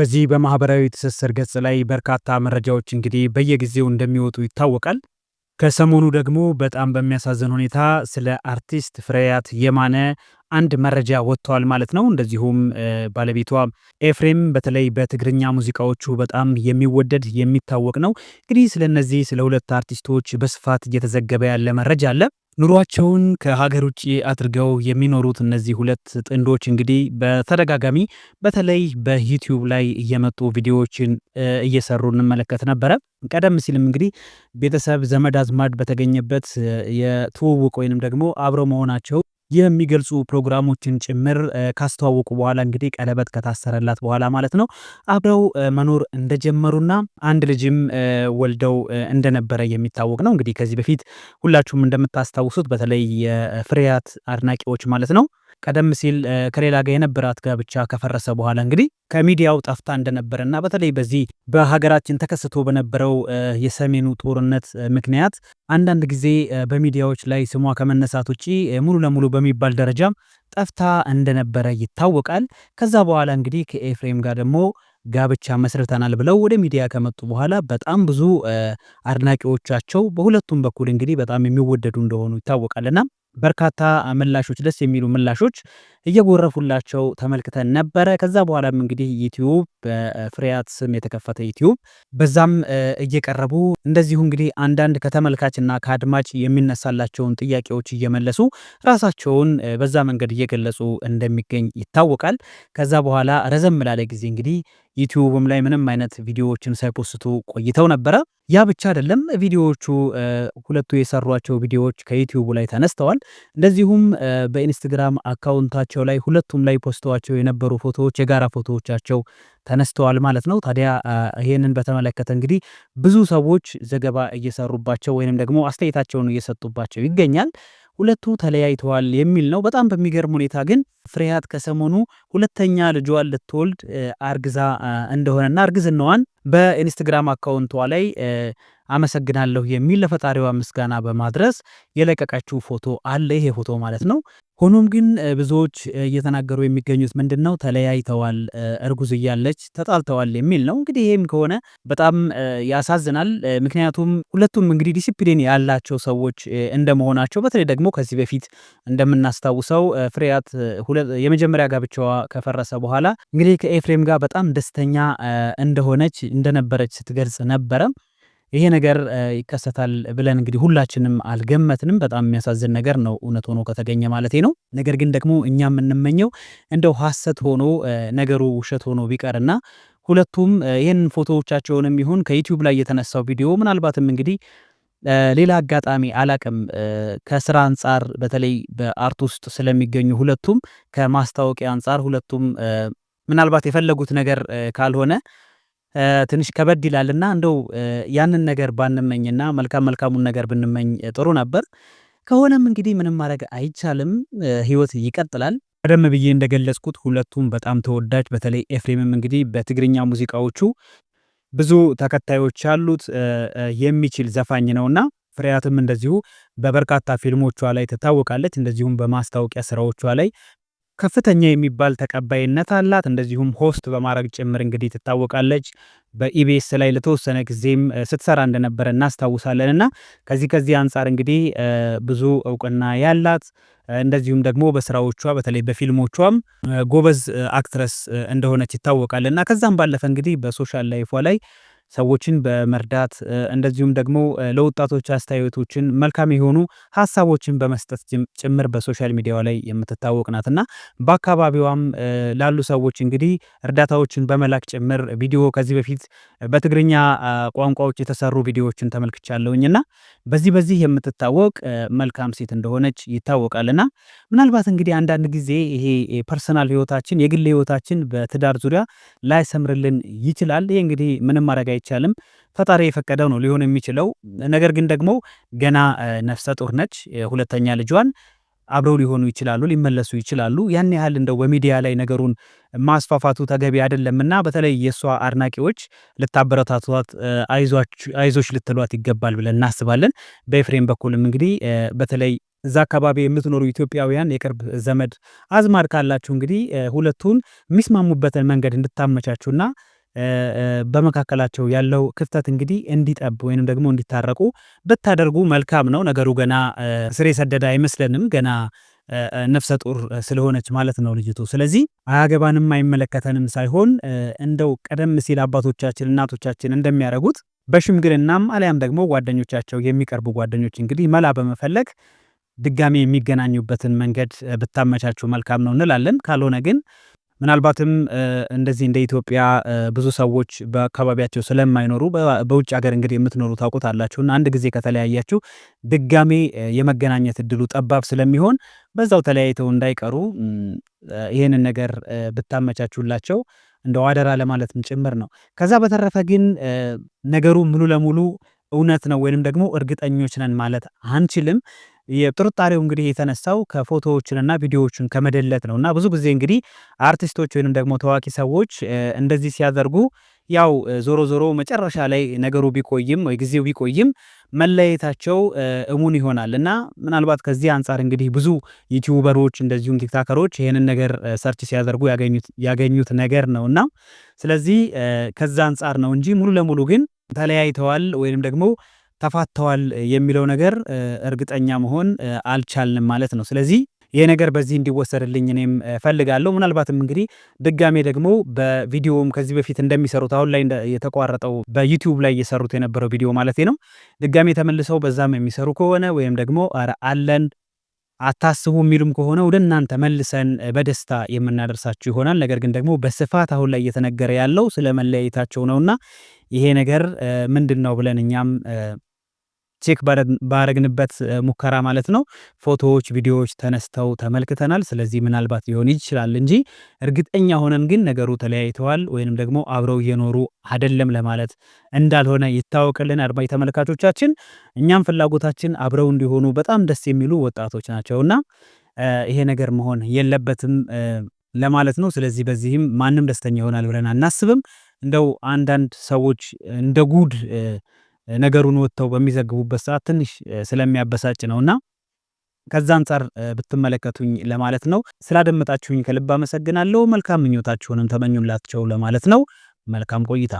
በዚህ በማህበራዊ ትስስር ገጽ ላይ በርካታ መረጃዎች እንግዲህ በየጊዜው እንደሚወጡ ይታወቃል። ከሰሞኑ ደግሞ በጣም በሚያሳዝን ሁኔታ ስለ አርቲስት ፍሬያት የማነ አንድ መረጃ ወጥቷል ማለት ነው። እንደዚሁም ባለቤቷ ኤፍሬም በተለይ በትግርኛ ሙዚቃዎቹ በጣም የሚወደድ የሚታወቅ ነው። እንግዲህ ስለነዚህ ስለ ሁለት አርቲስቶች በስፋት እየተዘገበ ያለ መረጃ አለ። ኑሯቸውን ከሀገር ውጭ አድርገው የሚኖሩት እነዚህ ሁለት ጥንዶች እንግዲህ በተደጋጋሚ በተለይ በዩቲዩብ ላይ እየመጡ ቪዲዮዎችን እየሰሩ እንመለከት ነበረ። ቀደም ሲልም እንግዲህ ቤተሰብ ዘመድ አዝማድ በተገኘበት የትውውቅ ወይንም ደግሞ አብረው መሆናቸው የሚገልጹ ፕሮግራሞችን ጭምር ካስተዋወቁ በኋላ እንግዲህ ቀለበት ከታሰረላት በኋላ ማለት ነው አብረው መኖር እንደጀመሩና አንድ ልጅም ወልደው እንደነበረ የሚታወቅ ነው። እንግዲህ ከዚህ በፊት ሁላችሁም እንደምታስታውሱት በተለይ የፍሬያት አድናቂዎች ማለት ነው ቀደም ሲል ከሌላ ጋር የነበራት ጋብቻ ከፈረሰ በኋላ እንግዲህ ከሚዲያው ጠፍታ እንደነበረ እና በተለይ በዚህ በሀገራችን ተከስቶ በነበረው የሰሜኑ ጦርነት ምክንያት አንዳንድ ጊዜ በሚዲያዎች ላይ ስሟ ከመነሳት ውጭ ሙሉ ለሙሉ በሚባል ደረጃም ጠፍታ እንደነበረ ይታወቃል። ከዛ በኋላ እንግዲህ ከኤፍሬም ጋር ደግሞ ጋብቻ መስርተናል ብለው ወደ ሚዲያ ከመጡ በኋላ በጣም ብዙ አድናቂዎቻቸው በሁለቱም በኩል እንግዲህ በጣም የሚወደዱ እንደሆኑ ይታወቃልና በርካታ ምላሾች ደስ የሚሉ ምላሾች እየጎረፉላቸው ተመልክተን ነበረ። ከዛ በኋላም እንግዲህ ዩቲዩብ በፍሬያት ስም የተከፈተ ዩቲዩብ በዛም እየቀረቡ እንደዚሁ እንግዲህ አንዳንድ ከተመልካችና ከአድማጭ የሚነሳላቸውን ጥያቄዎች እየመለሱ ራሳቸውን በዛ መንገድ እየገለጹ እንደሚገኝ ይታወቃል። ከዛ በኋላ ረዘም ላለ ጊዜ እንግዲህ ዩቲዩብም ላይ ምንም አይነት ቪዲዮዎችን ሳይፖስቱ ቆይተው ነበረ። ያ ብቻ አይደለም፣ ቪዲዮዎቹ ሁለቱ የሰሯቸው ቪዲዮዎች ከዩቲዩቡ ላይ ተነስተዋል። እንደዚሁም በኢንስትግራም አካውንታቸው ላይ ሁለቱም ላይ ፖስተዋቸው የነበሩ ፎቶዎች የጋራ ፎቶዎቻቸው ተነስተዋል ማለት ነው። ታዲያ ይህንን በተመለከተ እንግዲህ ብዙ ሰዎች ዘገባ እየሰሩባቸው ወይንም ደግሞ አስተያየታቸውን እየሰጡባቸው ይገኛል። ሁለቱ ተለያይተዋል የሚል ነው። በጣም በሚገርም ሁኔታ ግን ፍሬያት ከሰሞኑ ሁለተኛ ልጇን ልትወልድ አርግዛ እንደሆነና እርግዝናዋን በኢንስትግራም አካውንቷ ላይ አመሰግናለሁ የሚል ለፈጣሪዋ ምስጋና በማድረስ የለቀቀችው ፎቶ አለ። ይሄ ፎቶ ማለት ነው። ሆኖም ግን ብዙዎች እየተናገሩ የሚገኙት ምንድን ነው? ተለያይተዋል፣ እርጉዝ እያለች ተጣልተዋል የሚል ነው። እንግዲህ ይህም ከሆነ በጣም ያሳዝናል። ምክንያቱም ሁለቱም እንግዲህ ዲሲፕሊን ያላቸው ሰዎች እንደመሆናቸው በተለይ ደግሞ ከዚህ በፊት እንደምናስታውሰው ፍሬያት የመጀመሪያ ጋብቻዋ ከፈረሰ በኋላ እንግዲህ ከኤፍሬም ጋር በጣም ደስተኛ እንደሆነች እንደነበረች ስትገልጽ ነበረ። ይሄ ነገር ይከሰታል ብለን እንግዲህ ሁላችንም አልገመትንም። በጣም የሚያሳዝን ነገር ነው፣ እውነት ሆኖ ከተገኘ ማለት ነው። ነገር ግን ደግሞ እኛ የምንመኘው እንደው ሐሰት ሆኖ ነገሩ ውሸት ሆኖ ቢቀርና ሁለቱም ይህን ፎቶዎቻቸውንም ይሁን ከዩቲዩብ ላይ የተነሳው ቪዲዮ ምናልባትም እንግዲህ ሌላ አጋጣሚ አላቅም ከስራ አንጻር በተለይ በአርት ውስጥ ስለሚገኙ ሁለቱም ከማስታወቂያ አንጻር ሁለቱም ምናልባት የፈለጉት ነገር ካልሆነ ትንሽ ከበድ ይላልና እንደው ያንን ነገር ባንመኝና መልካም መልካሙን ነገር ብንመኝ ጥሩ ነበር። ከሆነም እንግዲህ ምንም ማድረግ አይቻልም፣ ህይወት ይቀጥላል። ቀደም ብዬ እንደገለጽኩት ሁለቱም በጣም ተወዳጅ፣ በተለይ ኤፍሬምም እንግዲህ በትግርኛ ሙዚቃዎቹ ብዙ ተከታዮች ያሉት የሚችል ዘፋኝ ነውና ፍሬያትም እንደዚሁ በበርካታ ፊልሞቿ ላይ ትታወቃለች። እንደዚሁም በማስታወቂያ ስራዎቿ ላይ ከፍተኛ የሚባል ተቀባይነት አላት። እንደዚሁም ሆስት በማድረግ ጭምር እንግዲህ ትታወቃለች። በኢቢኤስ ላይ ለተወሰነ ጊዜም ስትሰራ እንደነበረ እናስታውሳለን እና ከዚህ ከዚህ አንጻር እንግዲህ ብዙ እውቅና ያላት እንደዚሁም ደግሞ በስራዎቿ በተለይ በፊልሞቿም ጎበዝ አክትረስ እንደሆነች ይታወቃል እና ከዛም ባለፈ እንግዲህ በሶሻል ላይፏ ላይ ሰዎችን በመርዳት እንደዚሁም ደግሞ ለወጣቶች አስተያየቶችን መልካም የሆኑ ሀሳቦችን በመስጠት ጭምር በሶሻል ሚዲያዋ ላይ የምትታወቅ ናት እና በአካባቢዋም ላሉ ሰዎች እንግዲህ እርዳታዎችን በመላክ ጭምር ቪዲዮ ከዚህ በፊት በትግርኛ ቋንቋዎች የተሰሩ ቪዲዮዎችን ተመልክቻለሁኝ እና በዚህ በዚህ የምትታወቅ መልካም ሴት እንደሆነች ይታወቃል እና ምናልባት እንግዲህ አንዳንድ ጊዜ ይሄ ፐርሰናል ህይወታችን የግል ህይወታችን በትዳር ዙሪያ ላይሰምርልን ይችላል። ይህ እንግዲህ ምንም ማድረግ አይቻልም። ፈጣሪ የፈቀደው ነው ሊሆን የሚችለው። ነገር ግን ደግሞ ገና ነፍሰ ጡር ነች። ሁለተኛ ልጇን አብረው ሊሆኑ ይችላሉ፣ ሊመለሱ ይችላሉ። ያን ያህል እንደው በሚዲያ ላይ ነገሩን ማስፋፋቱ ተገቢ አይደለምና በተለይ የእሷ አድናቂዎች ልታበረታቷት፣ አይዞች ልትሏት ይገባል ብለን እናስባለን። በኤፍሬም በኩልም እንግዲህ በተለይ እዛ አካባቢ የምትኖሩ ኢትዮጵያውያን የቅርብ ዘመድ አዝማድ ካላችሁ እንግዲህ ሁለቱን የሚስማሙበትን መንገድ እንድታመቻችሁና በመካከላቸው ያለው ክፍተት እንግዲህ እንዲጠብ ወይንም ደግሞ እንዲታረቁ ብታደርጉ መልካም ነው። ነገሩ ገና ስር የሰደደ አይመስለንም። ገና ነፍሰ ጡር ስለሆነች ማለት ነው ልጅቱ። ስለዚህ አያገባንም አይመለከተንም ሳይሆን እንደው ቀደም ሲል አባቶቻችን እናቶቻችን እንደሚያደርጉት በሽምግልናም አሊያም ደግሞ ጓደኞቻቸው የሚቀርቡ ጓደኞች እንግዲህ መላ በመፈለግ ድጋሜ የሚገናኙበትን መንገድ ብታመቻቹ መልካም ነው እንላለን። ካልሆነ ግን ምናልባትም እንደዚህ እንደ ኢትዮጵያ ብዙ ሰዎች በአካባቢያቸው ስለማይኖሩ በውጭ ሀገር እንግዲህ የምትኖሩ ታውቁት አላችሁ እና አንድ ጊዜ ከተለያያችሁ ድጋሜ የመገናኘት እድሉ ጠባብ ስለሚሆን በዛው ተለያይተው እንዳይቀሩ ይህንን ነገር ብታመቻቹላቸው እንደ አደራ ለማለትም ጭምር ነው። ከዛ በተረፈ ግን ነገሩ ሙሉ ለሙሉ እውነት ነው ወይንም ደግሞ እርግጠኞች ነን ማለት አንችልም። የጥርጣሬው እንግዲህ የተነሳው ከፎቶዎችንና ቪዲዮዎችን ከመደለት ነው እና ብዙ ጊዜ እንግዲህ አርቲስቶች ወይንም ደግሞ ታዋቂ ሰዎች እንደዚህ ሲያደርጉ ያው ዞሮ ዞሮ መጨረሻ ላይ ነገሩ ቢቆይም ወይ ጊዜው ቢቆይም መለየታቸው እሙን ይሆናል እና ምናልባት ከዚህ አንጻር እንግዲህ ብዙ ዩቲዩበሮች እንደዚሁም ቲክታከሮች ይህንን ነገር ሰርች ሲያደርጉ ያገኙት ነገር ነው እና ስለዚህ ከዛ አንጻር ነው እንጂ ሙሉ ለሙሉ ግን ተለያይተዋል ወይንም ደግሞ ተፋተዋል የሚለው ነገር እርግጠኛ መሆን አልቻልንም ማለት ነው። ስለዚህ ይሄ ነገር በዚህ እንዲወሰድልኝ እኔም ፈልጋለሁ። ምናልባትም እንግዲህ ድጋሜ ደግሞ በቪዲዮም ከዚህ በፊት እንደሚሰሩት አሁን ላይ የተቋረጠው በዩቲዩብ ላይ እየሰሩት የነበረው ቪዲዮ ማለት ነው ድጋሜ ተመልሰው በዛም የሚሰሩ ከሆነ ወይም ደግሞ ኧረ አለን አታስቡ የሚሉም ከሆነ ወደ እናንተ መልሰን በደስታ የምናደርሳችሁ ይሆናል። ነገር ግን ደግሞ በስፋት አሁን ላይ እየተነገረ ያለው ስለ መለያየታቸው ነውና ይሄ ነገር ምንድን ነው ብለን እኛም ቼክ ባረግንበት ሙከራ ማለት ነው ፎቶዎች፣ ቪዲዮዎች ተነስተው ተመልክተናል። ስለዚህ ምናልባት ሊሆን ይችላል እንጂ እርግጠኛ ሆነን ግን ነገሩ ተለያይተዋል ወይንም ደግሞ አብረው እየኖሩ አይደለም ለማለት እንዳልሆነ ይታወቅልን። አድማጭ ተመልካቾቻችን እኛም ፍላጎታችን አብረው እንዲሆኑ በጣም ደስ የሚሉ ወጣቶች ናቸውና ይሄ ነገር መሆን የለበትም ለማለት ነው። ስለዚህ በዚህም ማንም ደስተኛ ይሆናል ብለን አናስብም። እንደው አንዳንድ ሰዎች እንደ ጉድ ነገሩን ወጥተው በሚዘግቡበት ሰዓት ትንሽ ስለሚያበሳጭ ነውና ከዛ አንጻር ብትመለከቱኝ ለማለት ነው። ስላደመጣችሁኝ ከልብ አመሰግናለሁ። መልካም ምኞታችሁንም ተመኙላቸው ለማለት ነው። መልካም ቆይታ